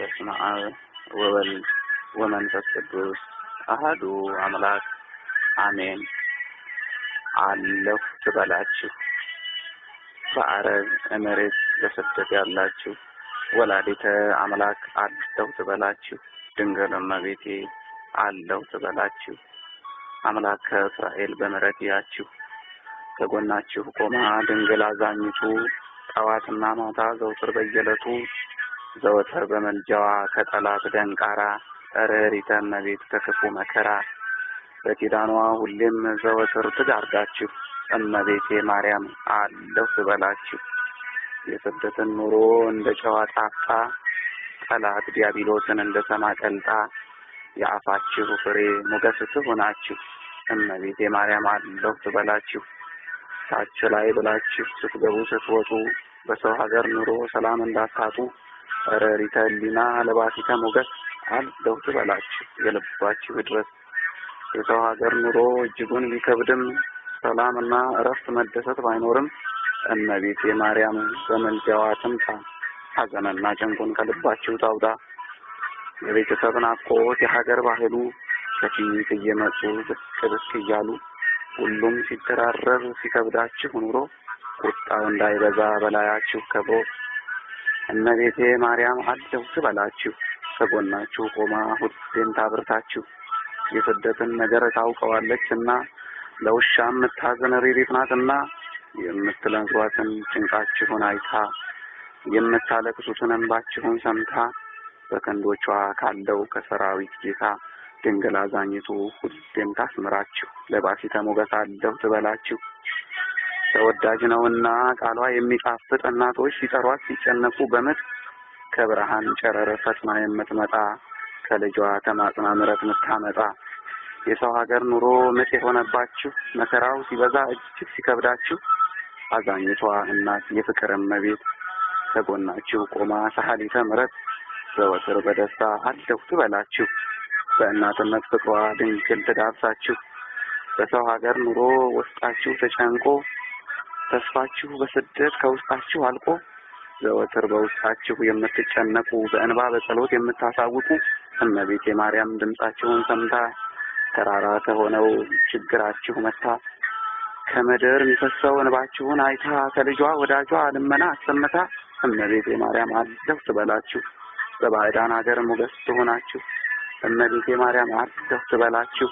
በስመ አብ ወወልድ ወመንፈስ ቅዱስ አህዱ አምላክ አሜን። አለሁ ትበላችሁ በአረብ እመሬት ለስደት ያላችሁ ወላዲተ አምላክ አለሁ ትበላችሁ፣ ድንግል እመቤቴ አለሁ ትበላችሁ። አምላክ ከእስራኤል በምሕረት ያችሁ ከጎናችሁ ቆማ ድንግል አዛኝቱ ጠዋትና ማታ ዘውትር በየዕለቱ ዘወትር በመልጃዋ ከጠላት ደንቃራ ጠረሪተ እመቤት ከክፉ መከራ በኪዳኗ ሁሌም ዘወትር ትጋርዳችሁ እመቤቴ ማርያም አለሁ ትበላችሁ። የስደትን ኑሮ እንደ ጨዋ ጣፋ ጠላት ዲያብሎስን እንደ ሰማ ቀልጣ የአፋችሁ ፍሬ ሞገስ ትሆናችሁ እመቤቴ ማርያም አለሁ ትበላችሁ። ታች ላይ ብላችሁ ስትገቡ ስትወጡ በሰው ሀገር ኑሮ ሰላም እንዳታጡ ረሪተ ህሊና ለባቲተ ሞገስ አልደውት በላችሁ የልባችሁ ድረስ የሰው ሀገር ኑሮ እጅጉን ቢከብድም ሰላምና እረፍት መደሰት ባይኖርም እመቤቴ ማርያም በምልጃዋ ትምጣ፣ ሀዘንና ጭንቁን ከልባችሁ ታውጣ። የቤተሰብ ናፍቆት የሀገር ባህሉ ከፊት እየመጡ ብቅ ብቅ እያሉ ሁሉም ሲደራረብ ሲከብዳችሁ ኑሮ ቁጣው እንዳይበዛ በላያችሁ ከብሮ! እመቤቴ ማርያም አለሁ ትበላችሁ ከጎናችሁ ቆማ ሁሌም ታብርታችሁ የስደትን ነገር ታውቀዋለች እና ለውሻ የምታዝን ሪሪት ናትና የምትለምሷትን ጭንቃችሁን አይታ የምታለቅሱትን እንባችሁን ሰምታ በክንዶቿ ካለው ከሰራዊት ጌታ ድንግል አዛኝቱ ሁሌም ታስምራችሁ ለባሲተ ሞገስ አለሁ ትበላችሁ ተወዳጅ ነውና ቃሏ የሚጣፍጥ እናቶች ሲጠሯት ሲጨነቁ በምጥ ከብርሃን ጨረር ፈጥና የምትመጣ ከልጇ ተማጽና ምረት ምታመጣ የሰው ሀገር ኑሮ ምጥ የሆነባችሁ መከራው ሲበዛ እጅግ ሲከብዳችሁ አዛኝቷ እናት የፍቅር እመቤት ከጎናችሁ ቆማ ሰሀሊተ ምረት ዘወትር በደስታ አለሁ ትበላችሁ በእናትነት ፍቅሯ ድንግል ትዳብሳችሁ በሰው ሀገር ኑሮ ውስጣችሁ ተጨንቆ ተስፋችሁ በስደት ከውስጣችሁ አልቆ ዘወትር በውስጣችሁ የምትጨነቁ በእንባ በጸሎት የምታሳውቁ እመቤቴ ማርያም ድምጻችሁን ሰምታ ተራራ ከሆነው ችግራችሁ መታ ከመደር የሚፈሰው እንባችሁን አይታ ከልጇ ወዳጇ ልመና አሰምታ እመቤቴ ማርያም አለሁ ትበላችሁ በባዕዳን ሀገር ሞገስ ትሆናችሁ እመቤቴ ማርያም አለሁ ትበላችሁ